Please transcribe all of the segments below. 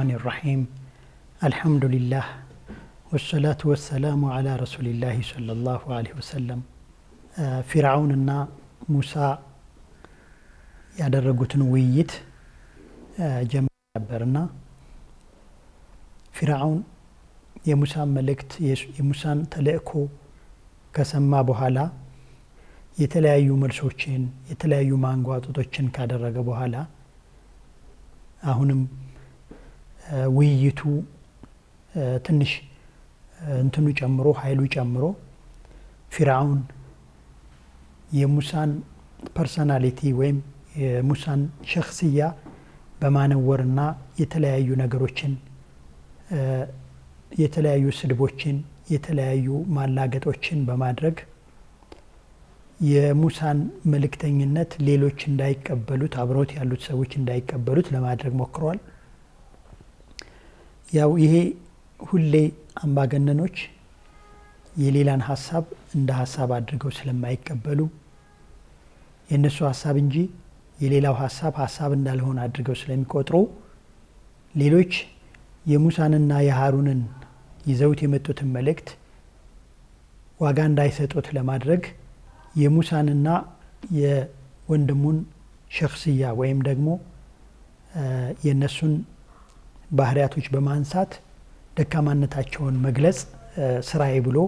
الرحمن الرحيم الحمد لله والصلاة والسلام على رسول الله صلى الله عليه وسلم ፊርዓውንና ሙሳ ያደረጉትን ውይይት ጀምሮ ነበርና ፊርዓውን የሙሳን መልእክት የሙሳን ተልእኮ ከሰማ በኋላ የተለያዩ መልሶችን የተለያዩ ማንጓጠጦችን ካደረገ በኋላ አሁንም ውይይቱ ትንሽ እንትኑ ጨምሮ ኃይሉ ጨምሮ ፊራውን የሙሳን ፐርሶናሊቲ ወይም የሙሳን ሸክስያ በማነወርና የተለያዩ ነገሮችን የተለያዩ ስድቦችን የተለያዩ ማላገጦችን በማድረግ የሙሳን መልእክተኝነት ሌሎች እንዳይቀበሉት አብሮት ያሉት ሰዎች እንዳይቀበሉት ለማድረግ ሞክረዋል። ያው ይሄ ሁሌ አምባገነኖች የሌላን ሀሳብ እንደ ሀሳብ አድርገው ስለማይቀበሉ የእነሱ ሀሳብ እንጂ የሌላው ሀሳብ ሀሳብ እንዳልሆነ አድርገው ስለሚቆጥሩ ሌሎች የሙሳንና የሀሩንን ይዘውት የመጡትን መልእክት ዋጋ እንዳይሰጡት ለማድረግ የሙሳንና የወንድሙን ሸክስያ ወይም ደግሞ የእነሱን ባህሪያቶች በማንሳት ደካማነታቸውን መግለጽ ስራዬ ብሎ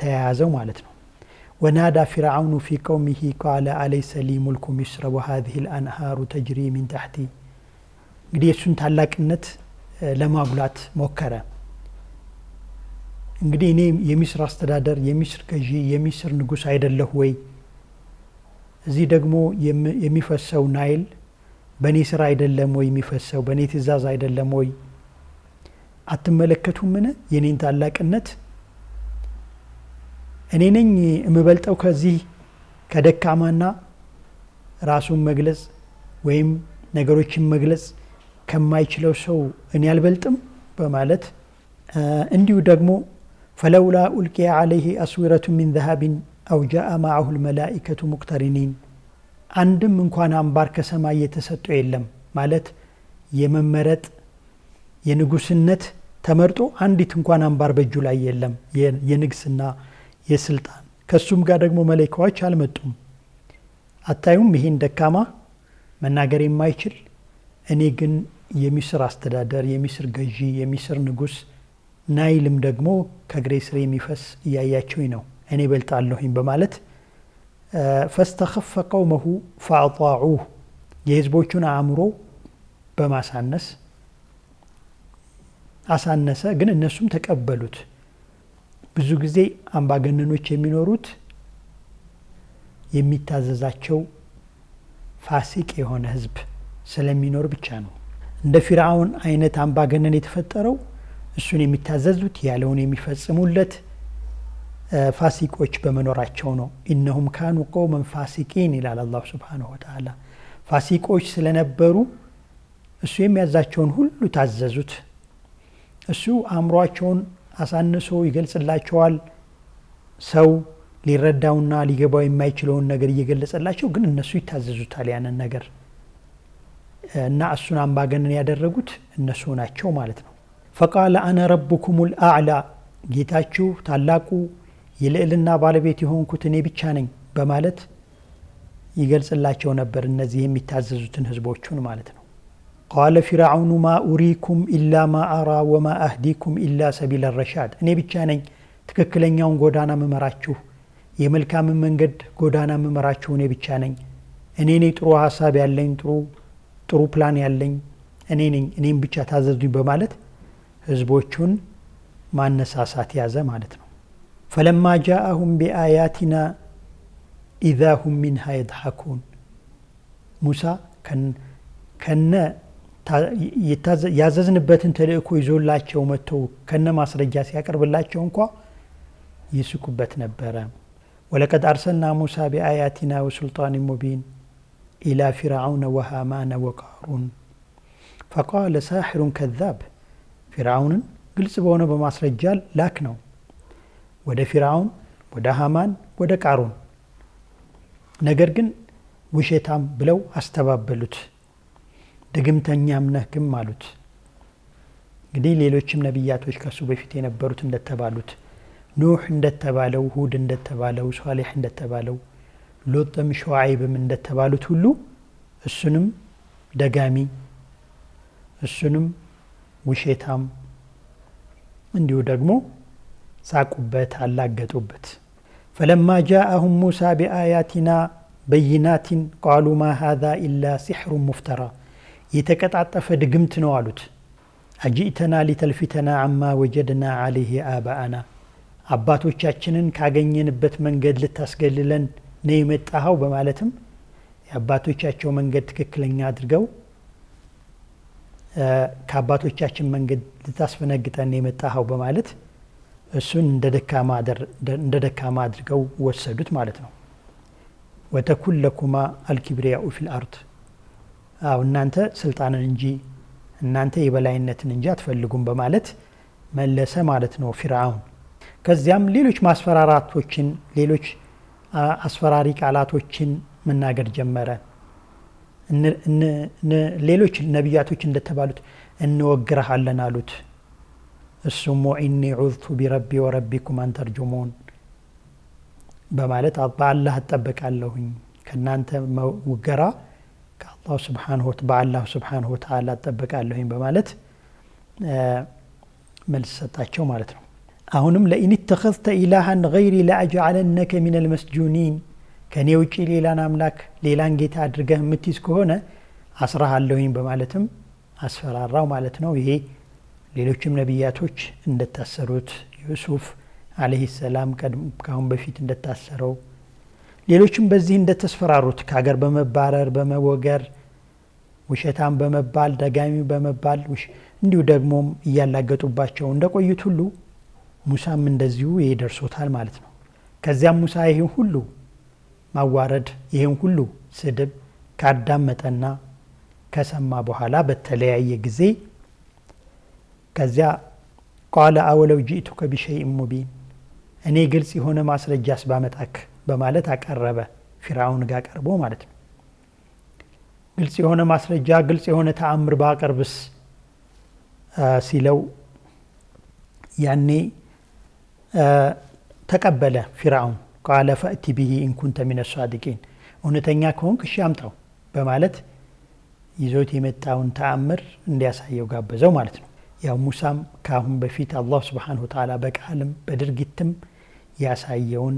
ተያያዘው ማለት ነው። ወናዳ ፊርዓውኑ ፊ ቀውሚሂ ቃለ አለይሰ ሊ ሙልኩ ሚስረ ወሃዚህ ልአንሃሩ ተጅሪ ሚን ታሕቲ። እንግዲህ የእሱን ታላቅነት ለማጉላት ሞከረ። እንግዲህ እኔ የሚስር አስተዳደር፣ የሚስር ገዢ፣ የሚስር ንጉስ አይደለሁ ወይ? እዚህ ደግሞ የሚፈሰው ናይል በእኔ ስራ አይደለም ወይ የሚፈሰው? በእኔ ትእዛዝ አይደለም ወይ? አትመለከቱምን? የኔን ታላቅነት እኔ ነኝ የምበልጠው ከዚህ ከደካማና ራሱን መግለጽ ወይም ነገሮችን መግለጽ ከማይችለው ሰው እኔ አልበልጥም በማለት እንዲሁ ደግሞ ፈለውላ ኡልቂያ አለይህ አስዊረቱ ሚን ዘሃቢን አው ጃአ ማዐሁ ልመላኢከቱ ሙቅተሪኒን አንድም እንኳን አምባር ከሰማይ የተሰጠው የለም ማለት የመመረጥ የንጉስነት ተመርጦ አንዲት እንኳን አምባር በእጁ ላይ የለም። የንግስና የስልጣን ከሱም ጋር ደግሞ መለኪያዎች አልመጡም። አታዩም? ይሄን ደካማ መናገር የማይችል እኔ ግን የሚስር አስተዳደር፣ የሚስር ገዢ፣ የሚስር ንጉስ ናይልም ደግሞ ከእግሬ ስር የሚፈስ እያያቸውኝ ነው እኔ በልጣለሁኝ በማለት ፈስተኸፈ ቀውመሁ ፈአጣዑህ የህዝቦቹን አእምሮ በማሳነስ አሳነሰ፣ ግን እነሱም ተቀበሉት። ብዙ ጊዜ አምባገነኖች የሚኖሩት የሚታዘዛቸው ፋሲቅ የሆነ ህዝብ ስለሚኖር ብቻ ነው። እንደ ፊርዓውን አይነት አምባገነን የተፈጠረው እሱን የሚታዘዙት ያለውን የሚፈጽሙለት ፋሲቆች በመኖራቸው ነው። ኢነሁም ካኑ ቆውመን ፋሲቂን ይላል አላሁ ስብሓነሁ ወተዓላ። ፋሲቆች ስለነበሩ እሱ የሚያዛቸውን ሁሉ ታዘዙት። እሱ አእምሯቸውን አሳንሶ ይገልጽላቸዋል። ሰው ሊረዳውና ሊገባው የማይችለውን ነገር እየገለጸላቸው ግን እነሱ ይታዘዙታል ያንን ነገር እና እሱን አምባገነን ያደረጉት እነሱ ናቸው ማለት ነው። ፈቃለ አነ ረብኩም ልአዕላ ጌታችሁ ታላቁ የልዕልና ባለቤት የሆንኩት እኔ ብቻ ነኝ በማለት ይገልጽላቸው ነበር። እነዚህ የሚታዘዙትን ህዝቦቹን ማለት ነው። ቃለ ፊርዐውኑ ማ ኡሪኩም ኢላ ማ አራ ወማ አህዲኩም ኢላ ሰቢለ ረሻድ፣ እኔ ብቻ ነኝ ትክክለኛውን ጎዳና ምመራችሁ፣ የመልካምን መንገድ ጎዳና ምመራችሁ እኔ ብቻ ነኝ። እኔ ነኝ ጥሩ ሀሳብ ያለኝ፣ ጥሩ ጥሩ ፕላን ያለኝ እኔ ነኝ፣ እኔም ብቻ ታዘዙኝ በማለት ህዝቦቹን ማነሳሳት ያዘ ማለት ነው። ፈለማ ጃአሁም ቢአያቲና ኢዛ ሁም ሚንሃ የድሐኩን ሙሳ ከነ ያዘዝንበትን ተልእኮ ይዞላቸው መጥተው ከነ ማስረጃ ሲያቀርብላቸው እንኳ ይስቁበት ነበረ። ወለቀድ አርሰልና ሙሳ ቢአያቲና ወሱልጣን ሙቢን ኢላ ፊርዓውነ ወሃማነ ወቃሩን ፈቃለ ሳሕሩን ከዛብ ፊርአውንን ግልጽ በሆነ በማስረጃ ላክ ነው ወደ ፊራውን ወደ ሃማን፣ ወደ ቃሩን። ነገር ግን ውሸታም ብለው አስተባበሉት። ድግምተኛም ነህ ግም አሉት። እንግዲህ ሌሎችም ነቢያቶች ከሱ በፊት የነበሩት እንደተባሉት ኑህ እንደተባለው፣ ሁድ እንደተባለው፣ ሷሌሕ እንደተባለው፣ ሎጥም ሸዋይብም እንደተባሉት ሁሉ እሱንም ደጋሚ እሱንም ውሸታም እንዲሁ ደግሞ ሳቁበት፣ አላገጡበት። ፈለማ ጃአሁም ሙሳ ቢአያቲና በይናቲን ቃሉ ማ ሃዛ ኢላ ሲሕሩ ሙፍተራ የተቀጣጠፈ ድግምት ነው አሉት። አጅእተና ሊተልፊተና አማ ወጀድና አለይህ አባአና አባቶቻችንን ካገኘንበት መንገድ ልታስገልለን ነው የመጣኸው በማለትም የአባቶቻቸው መንገድ ትክክለኛ አድርገው ከአባቶቻችን መንገድ ልታስፈነግጠን የመጣኸው በማለት እሱን እንደ ደካማ አድርገው ወሰዱት ማለት ነው። ወተኩን ለኩማ አልኪብሪያኡ ፊል አርድ አው እናንተ ስልጣንን እንጂ እናንተ የበላይነትን እንጂ አትፈልጉም በማለት መለሰ ማለት ነው ፊርአውን ከዚያም ሌሎች ማስፈራራቶችን ሌሎች አስፈራሪ ቃላቶችን መናገር ጀመረ። ሌሎች ነቢያቶች እንደተባሉት እንወግረሃለን አሉት። እሱሞ ኢኒ ዑዝቱ ቢረቢ ወረቢኩም አንተርጅሙን በማለት በአላህ እጠበቃለሁኝ ከእናንተ ውገራ ከአላሁ ስብሓንሁ በአላሁ ስብሓንሁ ወተዓላ እጠበቃለሁኝ በማለት መልስ ሰጣቸው ማለት ነው። አሁንም ለኢን ተኸዝተ ኢላሃን ገይሪ ለአጅዓለነከ ሚን አልመስጁኒን ከእኔ ውጪ ሌላን አምላክ ሌላን ጌታ አድርገህ የምትይዝ ከሆነ አስራሃለሁኝ በማለትም አስፈራራው ማለት ነው ይሄ ሌሎችም ነቢያቶች እንደታሰሩት ዩሱፍ አለህ ሰላም ካሁን በፊት እንደታሰረው ሌሎችም በዚህ እንደተስፈራሩት ከሀገር በመባረር በመወገር ውሸታም በመባል ደጋሚ በመባል እንዲሁ ደግሞም እያላገጡባቸው እንደቆዩት ሁሉ ሙሳም እንደዚሁ ይሄ ደርሶታል ማለት ነው። ከዚያም ሙሳ ይህን ሁሉ ማዋረድ ይህን ሁሉ ስድብ ካዳመጠና ከሰማ በኋላ በተለያየ ጊዜ ከዚያ ቃለ አወለው ጂእቱከ ቢሸይእን ሙቢን እኔ ግልጽ የሆነ ማስረጃስ ባመጣክ በማለት አቀረበ ፊርዓውን ጋር ቀርቦ ማለት ነው። ግልጽ የሆነ ማስረጃ ግልጽ የሆነ ተአምር ባቀርብስ ሲለው ያኔ ተቀበለ ፊርዓውን ቃለ ፈእቲ ብሂ ኢንኩንተ ሚነ ሷዲቂን እውነተኛ ከሆንክ እሺ አምጣው በማለት ይዞት የመጣውን ተአምር እንዲያሳየው ጋበዘው ማለት ነው። ያው ሙሳም ከአሁን በፊት አላህ ስብሓነሁ ወተዓላ በቃልም በድርጊትም ያሳየውን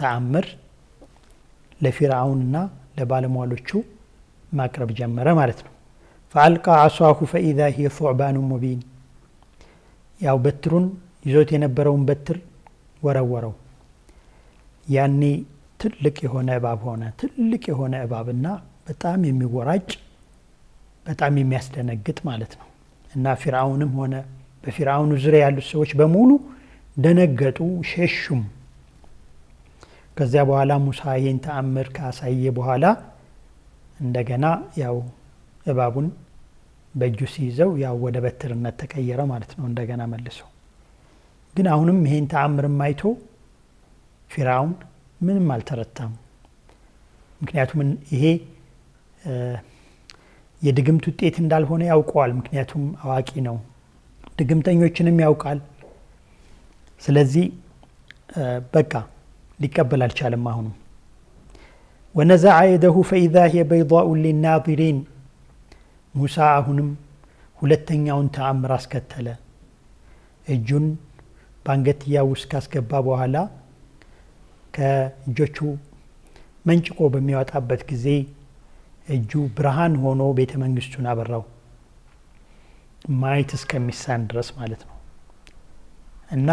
ተአምር ለፊርአውንና ለባለሟሎቹ ማቅረብ ጀመረ ማለት ነው። ፈአልቃ አሷሁ ፈኢዛ ሂየ ሱዕባኑ ሙቢን። ያው በትሩን ይዞት የነበረውን በትር ወረወረው። ያኔ ትልቅ የሆነ እባብ ሆነ። ትልቅ የሆነ እባብና በጣም የሚወራጭ በጣም የሚያስደነግጥ ማለት ነው። እና ፊርአውንም ሆነ በፊርአውኑ ዙሪያ ያሉት ሰዎች በሙሉ ደነገጡ፣ ሸሹም። ከዚያ በኋላ ሙሳ ይህን ተአምር ካሳየ በኋላ እንደገና ያው እባቡን በእጁ ሲይዘው ያው ወደ በትርነት ተቀየረ ማለት ነው። እንደገና መልሰው ግን አሁንም ይሄን ተአምር አይቶ ፊራውን ምንም አልተረታም። ምክንያቱም ይሄ የድግምት ውጤት እንዳልሆነ ያውቀዋል። ምክንያቱም አዋቂ ነው፣ ድግምተኞችንም ያውቃል። ስለዚህ በቃ ሊቀበል አልቻለም። አሁኑ ወነዛ የደሁ ፈኢዛ ሂየ በይዳኡ ሊናዚሪን ሙሳ አሁንም ሁለተኛውን ተአምር አስከተለ። እጁን በአንገትያ ውስጥ ካስገባ በኋላ ከእጆቹ መንጭቆ በሚያወጣበት ጊዜ እጁ ብርሃን ሆኖ ቤተ መንግስቱን አበራው ማየት እስከሚሳን ድረስ ማለት ነው። እና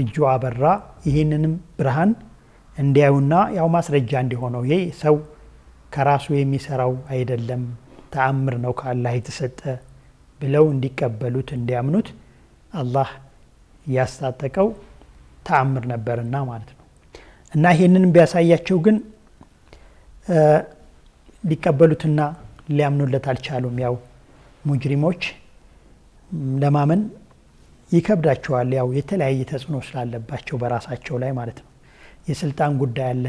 እጁ አበራ። ይህንንም ብርሃን እንዲያዩና ያው ማስረጃ እንዲሆነው ይሄ ሰው ከራሱ የሚሰራው አይደለም ተአምር ነው ከአላህ የተሰጠ ብለው እንዲቀበሉት እንዲያምኑት አላህ እያስታጠቀው ተአምር ነበርና ማለት ነው። እና ይህንን ቢያሳያቸው ግን ሊቀበሉትና ሊያምኑለት አልቻሉም። ያው ሙጅሪሞች ለማመን ይከብዳቸዋል። ያው የተለያየ ተጽዕኖ ስላለባቸው በራሳቸው ላይ ማለት ነው። የስልጣን ጉዳይ አለ።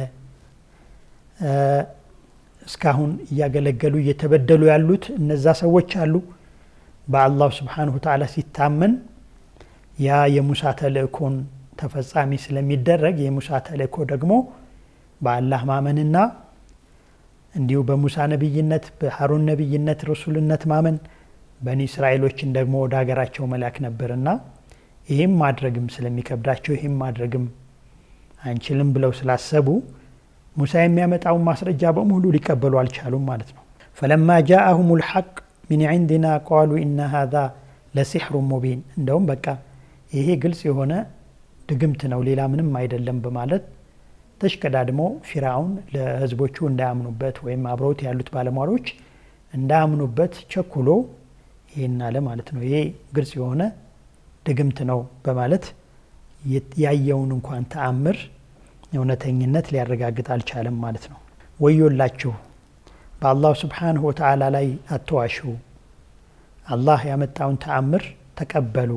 እስካሁን እያገለገሉ እየተበደሉ ያሉት እነዛ ሰዎች አሉ። በአላሁ ስብሓነሁ ተዓላ ሲታመን ያ የሙሳ ተልእኮን ተፈጻሚ ስለሚደረግ የሙሳ ተልእኮ ደግሞ በአላህ ማመንና እንዲሁ በሙሳ ነቢይነት፣ በሀሩን ነቢይነት ረሱልነት ማመን በኒ እስራኤሎችን ደግሞ ወደ ሀገራቸው መላክ ነበርና ይህም ማድረግም ስለሚከብዳቸው ይህም ማድረግም አንችልም ብለው ስላሰቡ ሙሳ የሚያመጣውን ማስረጃ በሙሉ ሊቀበሉ አልቻሉም ማለት ነው። ፈለማ ጃአሁም ልሐቅ ሚን ዕንድና ቃሉ ኢና ሀዛ ለሲሕሩ ሙቢን፣ እንደውም በቃ ይሄ ግልጽ የሆነ ድግምት ነው ሌላ ምንም አይደለም በማለት ተሽቀዳድሞ ፊራውን ለህዝቦቹ እንዳያምኑበት ወይም አብረውት ያሉት ባለሟሎች እንዳያምኑበት ቸኩሎ ይህን አለ ማለት ነው። ይሄ ግልጽ የሆነ ድግምት ነው በማለት ያየውን እንኳን ተአምር እውነተኝነት ሊያረጋግጥ አልቻለም ማለት ነው። ወዮላችሁ በአላሁ ስብሓንሁ ወተዓላ ላይ አተዋሹ አላህ ያመጣውን ተአምር ተቀበሉ።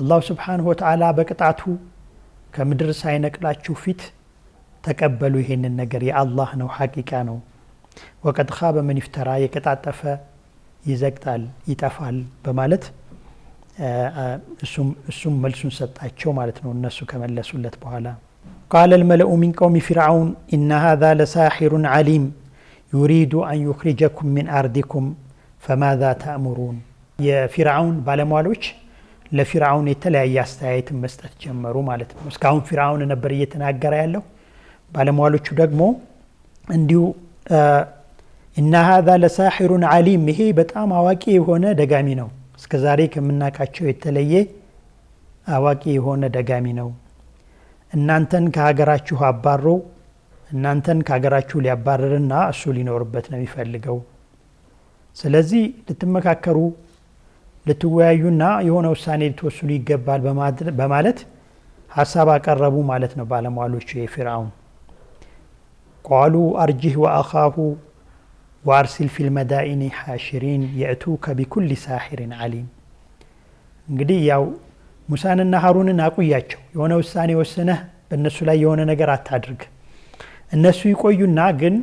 አላሁ ስብሓንሁ ወተዓላ በቅጣቱ ከምድር ሳይነቅላችሁ ፊት ተቀበሉ። ይሄንን ነገር የአላህ ነው፣ ሐቂቃ ነው። ወቀድ ኻበ ምን ይፍተራ የቀጣጠፈ ይዘግጣል፣ ይጠፋል በማለት እሱም መልሱን ሰጣቸው ማለት ነው። እነሱ ከመለሱለት በኋላ ቃለ ልመለኡ ሚን ቀውሚ ፊርዓውን ኢነ ሃዛ ለሳሒሩን ዓሊም ዩሪዱ አን ዩኽሪጀኩም ሚን አርዲኩም ፈማዛ ተእሙሩን የፊርዓውን ባለሟሎች ለፊርዓውን የተለያየ አስተያየትን መስጠት ጀመሩ ማለት ነው። እስካሁን ፊርአውን ነበር እየተናገረ ያለው። ባለሟሎቹ ደግሞ እንዲሁ እና ሀዛ ለሳሒሩን አሊም ይሄ በጣም አዋቂ የሆነ ደጋሚ ነው፣ እስከ ዛሬ ከምናውቃቸው የተለየ አዋቂ የሆነ ደጋሚ ነው። እናንተን ከሀገራችሁ አባሮ እናንተን ከሀገራችሁ ሊያባርርና እሱ ሊኖርበት ነው የሚፈልገው። ስለዚህ ልትመካከሩ ልትወያዩና የሆነ ውሳኔ ልትወስኑ ይገባል በማለት ሀሳብ አቀረቡ ማለት ነው ባለሟሎቹ የፊርአውን ቋሉ አርጅህ ወአኻሁ ዋርሲል ፊል መዳኢኒ ሓሽሪን የእቱከ ቢኩል ሳሕሪን ዓሊም እንግዲህ ያው ሙሳንና ሀሩንን አቁያቸው የሆነ ውሳኔ ወስነህ በእነሱ ላይ የሆነ ነገር አታድርግ እነሱ ይቆዩና ግን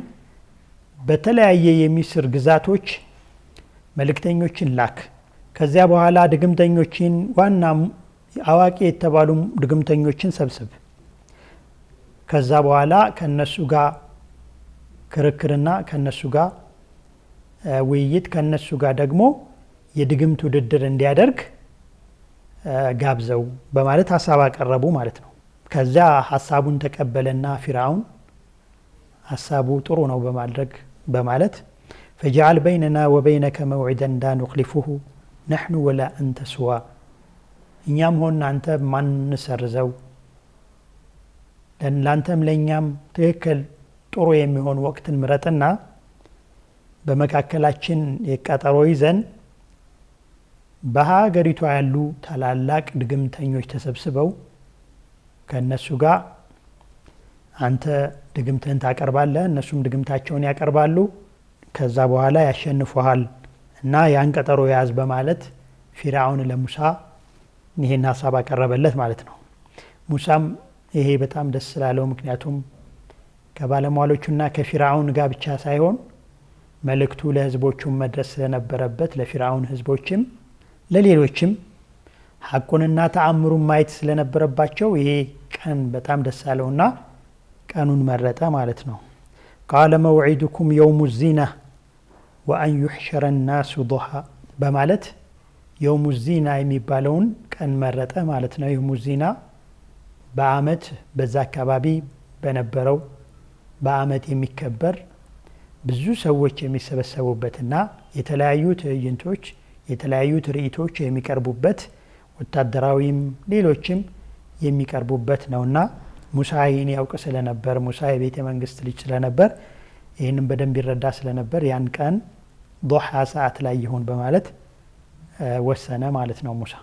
በተለያየ የሚስር ግዛቶች መልእክተኞችን ላክ ከዚያ በኋላ ድግምተኞችን ዋና አዋቂ የተባሉ ድግምተኞችን ሰብስብ። ከዛ በኋላ ከነሱ ጋር ክርክርና ከነሱ ጋር ውይይት ከነሱ ጋር ደግሞ የድግምት ውድድር እንዲያደርግ ጋብዘው በማለት ሀሳብ አቀረቡ ማለት ነው። ከዚያ ሀሳቡን ተቀበለና ፊርዓውን ሀሳቡ ጥሩ ነው በማድረግ በማለት ፈጃአል በይነና ወበይነከ መውዒደን እንዳንክሊፉሁ ነሕኑ ወላ እንተ ስዋ እኛም ሆን አንተ ማንሰርዘው ለአንተም ለእኛም ትክክል ጥሩ የሚሆን ወቅትን ምረጥና በመካከላችን የቀጠሮ ይዘን በሀገሪቷ ያሉ ታላላቅ ድግምተኞች ተሰብስበው ከእነሱ ጋር አንተ ድግምትህን ታቀርባለህ፣ እነሱም ድግምታቸውን ያቀርባሉ። ከዛ በኋላ ያሸንፉሃል። እና ያን ቀጠሮ የያዝ በማለት ፊርዓውን ለሙሳ ይሄን ሀሳብ አቀረበለት ማለት ነው። ሙሳም ይሄ በጣም ደስ ስላለው ምክንያቱም ከባለሟሎቹና ከፊርዓውን ጋር ብቻ ሳይሆን መልእክቱ ለህዝቦቹም መድረስ ስለነበረበት ለፊርአውን ህዝቦችም ለሌሎችም ሀቁንና ተአምሩን ማየት ስለነበረባቸው ይሄ ቀን በጣም ደስ አለውና ቀኑን መረጠ ማለት ነው። ቃለ መውዒድኩም የውሙ ዚና ወአን ዩሕሸረ ናሱ ዱሃ በማለት የውሙ ዚና የሚባለውን ቀን መረጠ ማለት ነው። የውሙ ዚና በአመት በዛ አካባቢ በነበረው በአመት የሚከበር ብዙ ሰዎች የሚሰበሰቡበትና የተለያዩ ትዕይንቶች የተለያዩ ትርኢቶች የሚቀርቡበት ወታደራዊም ሌሎችም የሚቀርቡበት ነውና ሙሳ ይህን ያውቅ ስለነበር ሙሳ የቤተ መንግስት ልጅ ስለነበር ይህንም በደንብ ይረዳ ስለነበር ያን ቀን ዶሓ ሰዓት ላይ ይሁን በማለት ወሰነ ማለት ነው። ሙሳ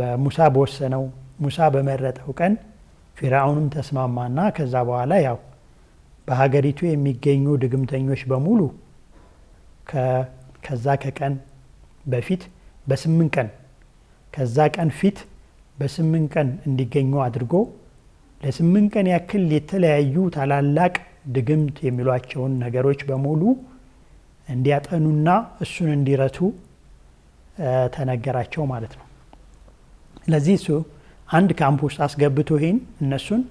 በሙሳ በወሰነው ሙሳ በመረጠው ቀን ፊርዓውንም ተስማማና ከዛ በኋላ ያው በሀገሪቱ የሚገኙ ድግምተኞች በሙሉ ከዛ ከቀን በፊት በስምንት ቀን ከዛ ቀን ፊት በስምንት ቀን እንዲገኙ አድርጎ ለስምንት ቀን ያክል የተለያዩ ታላላቅ ድግምት የሚሏቸውን ነገሮች በሙሉ እንዲያጠኑና እሱን እንዲረቱ ተነገራቸው ማለት ነው። ለዚህ እሱ አንድ ካምፕ ውስጥ አስገብቶ ይህን እነሱን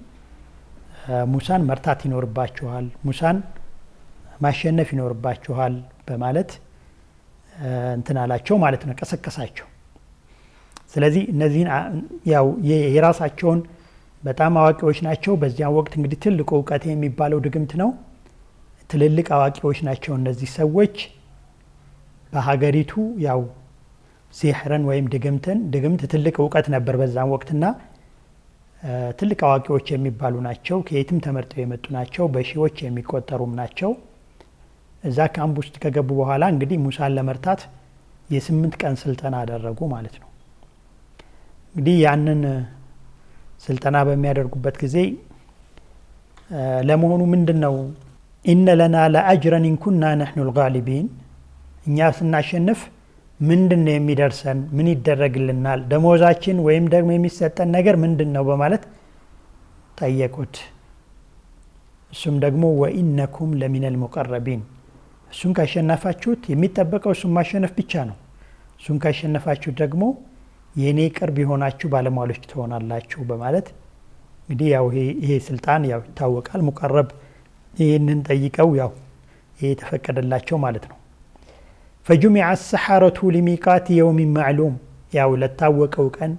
ሙሳን መርታት ይኖርባችኋል፣ ሙሳን ማሸነፍ ይኖርባችኋል በማለት እንትን አላቸው ማለት ነው፣ ቀሰቀሳቸው። ስለዚህ እነዚህን ያው የራሳቸውን በጣም አዋቂዎች ናቸው። በዚያን ወቅት እንግዲህ ትልቁ እውቀት የሚባለው ድግምት ነው። ትልልቅ አዋቂዎች ናቸው እነዚህ ሰዎች። በሀገሪቱ ያው ሲሕርን ወይም ድግምትን ድግምት ትልቅ እውቀት ነበር በዛን ወቅትና ትልቅ አዋቂዎች የሚባሉ ናቸው። ከየትም ተመርጠው የመጡ ናቸው። በሺዎች የሚቆጠሩም ናቸው። እዛ ካምፕ ውስጥ ከገቡ በኋላ እንግዲህ ሙሳን ለመርታት የስምንት ቀን ስልጠና አደረጉ ማለት ነው እንግዲህ ያንን ስልጠና በሚያደርጉበት ጊዜ ለመሆኑ ምንድን ነው ኢነ ለና ለአጅረን ኢንኩና ነሕኑ ልጋሊቢን እኛ ስናሸንፍ ምንድን ነው የሚደርሰን? ምን ይደረግልናል? ደሞዛችን ወይም ደግሞ የሚሰጠን ነገር ምንድን ነው በማለት ጠየቁት። እሱም ደግሞ ወኢነኩም ለሚነል ሙቀረቢን እሱን ካሸነፋችሁት የሚጠበቀው እሱን ማሸነፍ ብቻ ነው። እሱን ካሸነፋችሁት ደግሞ የእኔ ቅርብ የሆናችሁ ባለሟሎች ትሆናላችሁ በማለት እንግዲህ ያው ይሄ ስልጣን ያው ይታወቃል። ሙቀረብ ይህንን ጠይቀው ያው ይሄ የተፈቀደላቸው ማለት ነው። ፈጁሚዐ ሰሓረቱ ሊሚቃት የውሚን ማዕሉም ያው ለታወቀው ቀን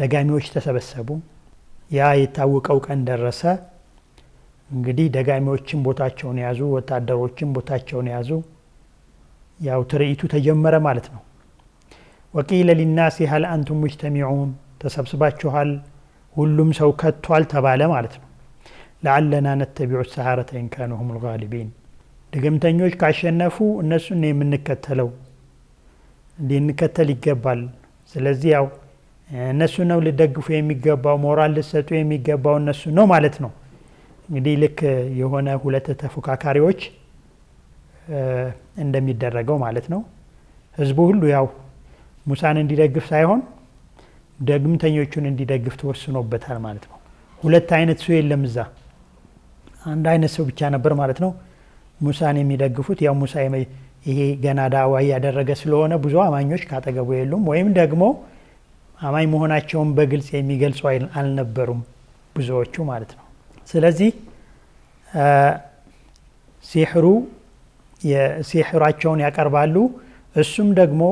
ደጋሚዎች ተሰበሰቡ። ያ የታወቀው ቀን ደረሰ። እንግዲህ ደጋሚዎችን ቦታቸውን ያዙ፣ ወታደሮችን ቦታቸውን ያዙ። ያው ትርኢቱ ተጀመረ ማለት ነው። ወቂለ ሊናሲ ሀል አንቱም ሙጅተሚዑን ተሰብስባችኋል ሁሉም ሰው ከቷል ተባለ ማለት ነው። ለዓለና ነተቢዑ ሰሃረተ ኢንካኑ ልጋሊቢን ድግምተኞች ካሸነፉ እነሱን የምንከተለው ሊንከተል ይገባል። ስለዚህ ያው እነሱ ነው ልደግፉ የሚገባው ሞራል ልሰጡ የሚገባው እነሱ ነው ማለት ነው። እንግዲህ ልክ የሆነ ሁለት ተፎካካሪዎች እንደሚደረገው ማለት ነው ህዝቡ ሁሉ ያው ሙሳን እንዲደግፍ ሳይሆን ደግምተኞቹን እንዲደግፍ ተወስኖበታል ማለት ነው። ሁለት አይነት ሰው የለም እዛ፣ አንድ አይነት ሰው ብቻ ነበር ማለት ነው ሙሳን የሚደግፉት። ያው ሙሳ ይሄ ገና ዳዋ እያደረገ ስለሆነ ብዙ አማኞች ካጠገቡ የሉም፣ ወይም ደግሞ አማኝ መሆናቸውን በግልጽ የሚገልጹ አልነበሩም ብዙዎቹ ማለት ነው። ስለዚህ ሲሕሩ ሲሕራቸውን ያቀርባሉ እሱም ደግሞ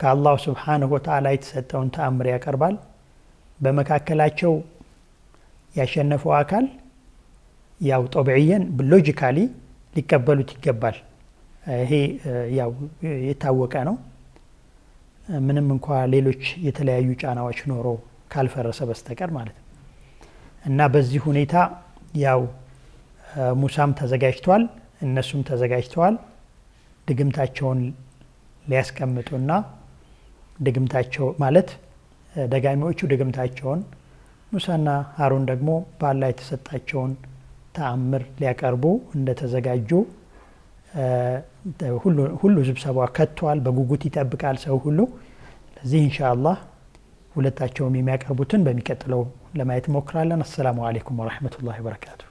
ከአላሁ ስብሓንሁ ወተዓላ የተሰጠውን ተአምር ያቀርባል። በመካከላቸው ያሸነፈው አካል ያው ጦብዕየን ሎጂካሊ ሊቀበሉት ይገባል። ይሄ ያው የታወቀ ነው። ምንም እንኳ ሌሎች የተለያዩ ጫናዎች ኖሮ ካልፈረሰ በስተቀር ማለት ነው እና በዚህ ሁኔታ ያው ሙሳም ተዘጋጅተዋል፣ እነሱም ተዘጋጅተዋል ድግምታቸውን ሊያስቀምጡና ድግምታቸው ማለት ደጋሚዎቹ ድግምታቸውን ሙሳና ሀሩን ደግሞ በአላህ የተሰጣቸውን ተአምር ሊያቀርቡ እንደተዘጋጁ ሁሉ ስብሰባ ከቷል። በጉጉት ይጠብቃል ሰው ሁሉ። ለዚህ እንሻ አላህ ሁለታቸውም የሚያቀርቡትን በሚቀጥለው ለማየት ሞክራለን። አሰላሙ አሌይኩም ወረሕመቱላሂ ወበረካቱሁ።